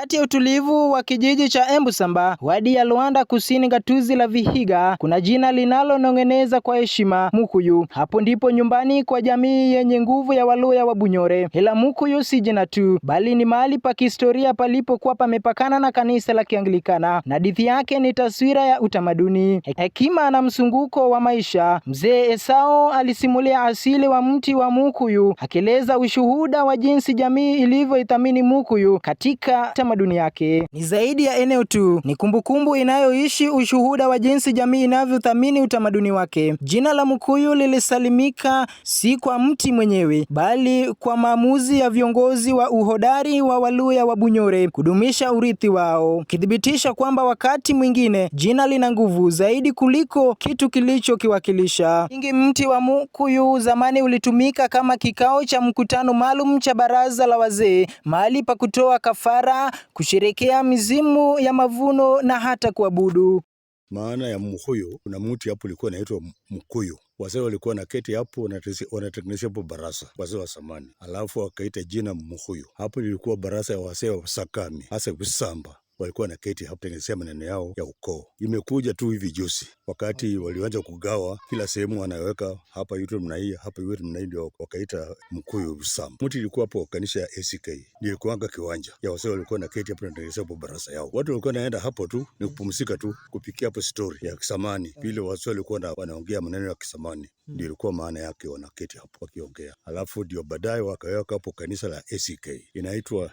Kati ya utulivu wa kijiji cha Embusamba, wadi ya Luanda Kusini, gatuzi la Vihiga, kuna jina linalonong'eneza kwa heshima, Mukuyu. Hapo ndipo nyumbani kwa jamii yenye nguvu ya Waluya wa Bunyore. Ila Mukuyu si jina tu, bali ni mahali pa kihistoria palipokuwa pamepakana na kanisa la Kianglikana, na dithi yake ni taswira ya utamaduni, hekima na msunguko wa maisha. Mzee Esau alisimulia asili wa mti wa Mukuyu, akieleza ushuhuda wa jinsi jamii ilivyoithamini Mukuyu katika tamaduni yake. Ni zaidi ya eneo tu, ni kumbukumbu inayoishi ushuhuda wa jinsi jamii inavyothamini utamaduni wake. Jina la mkuyu lilisalimika si kwa mti mwenyewe, bali kwa maamuzi ya viongozi wa uhodari wa Waluya wa Bunyore kudumisha urithi wao, ukithibitisha kwamba wakati mwingine jina lina nguvu zaidi kuliko kitu kilichokiwakilisha. Ingi mti wa Mukuyu zamani ulitumika kama kikao cha mkutano maalum cha baraza la wazee, mahali pa kutoa kafara, kusherekea mizimu ya mavuno na hata kuabudu. Maana ya mkuyu, kuna mtu hapo ulikuwa naitwa Mkuyu. Wazee walikuwa na keti hapo, wanatengenezea hapo barasa, wazee wa zamani, alafu wakaita jina mkuyu. Hapo ilikuwa barasa ya wazee wa Sakami, hasa Visamba walikuwa na keti hakutengenezea maneno yao ya ukoo. Imekuja tu hivi juzi, wakati walianza kugawa kila sehemu wanaweka hapa yote mna hii hapa yote mna hii, ndio wakaita Mkuyu Sam. Mti ilikuwa hapo kanisa ya ACK ndio kuanga kiwanja ya wasee walikuwa na keti hapo, wanatengenezea hapo barasa yao. Watu walikuwa naenda hapo tu ni kupumzika tu, kupikia hapo story ya kisamani vile wasee walikuwa wanaongea maneno ya kisamani, ndio ilikuwa maana yake, wanaketi hapo wakiongea, alafu ndio baadaye wakaweka hapo kanisa la ACK inaitwa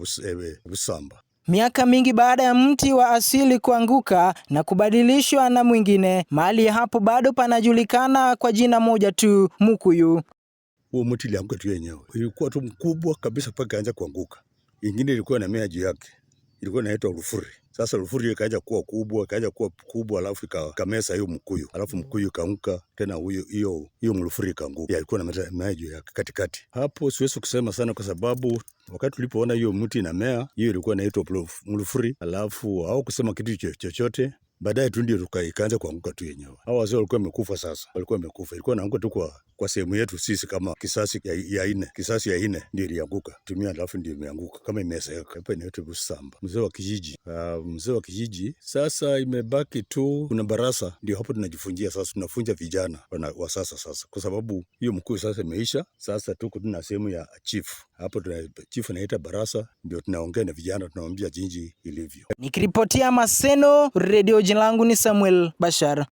Busamba. Eh, Miaka mingi baada ya mti wa asili kuanguka na kubadilishwa na mwingine, mahali hapo bado panajulikana kwa jina moja tu, Mukuyu. Huo mti ilianguka tu yenyewe, ilikuwa tu mkubwa kabisa mpaka anza kuanguka. Ingine ilikuwa na mea juu yake, ilikuwa inaitwa rufuri sasa Lufuri ikaja kuwa kubwa, ikaja kuwa kubwa, alafu ikamesa hiyo Mkuyu, alafu mm. Mkuyu ikaanguka tena, huyo hiyo hiyo Mlufuri ikaanguka, ilikuwa na maji ya katikati hapo. Siwezi kusema sana kwa sababu wakati tulipoona hiyo mti inamea, hiyo ilikuwa inaitwa Mlufuri, alafu au kusema kitu chochote baadaye tu ndio ikaanza kuanguka tu yenyewe. Hao wazee walikuwa wamekufa, sasa walikuwa wamekufa, ilikuwa naanguka tu kwa, kwa sehemu yetu sisi kama kisasi ya, ya ine kisasi ya ine ndio ilianguka tumia, alafu ndio imeanguka kama imeseeka hapa inaitwa Busamba. Mzee wa kijiji uh, mzee wa kijiji sasa, imebaki tu kuna barasa, ndio hapo tunajifunjia sasa, tunafunja vijana wa sasa sasa, kwa sababu hiyo mkuu sasa imeisha. Sasa tuko tuna sehemu ya chifu hapo tuna chifu anaita barasa, ndio tunaongea na vijana, tunawaambia jinji ilivyo. Nikiripotia Maseno, redio, jina langu ni Samuel Bashar.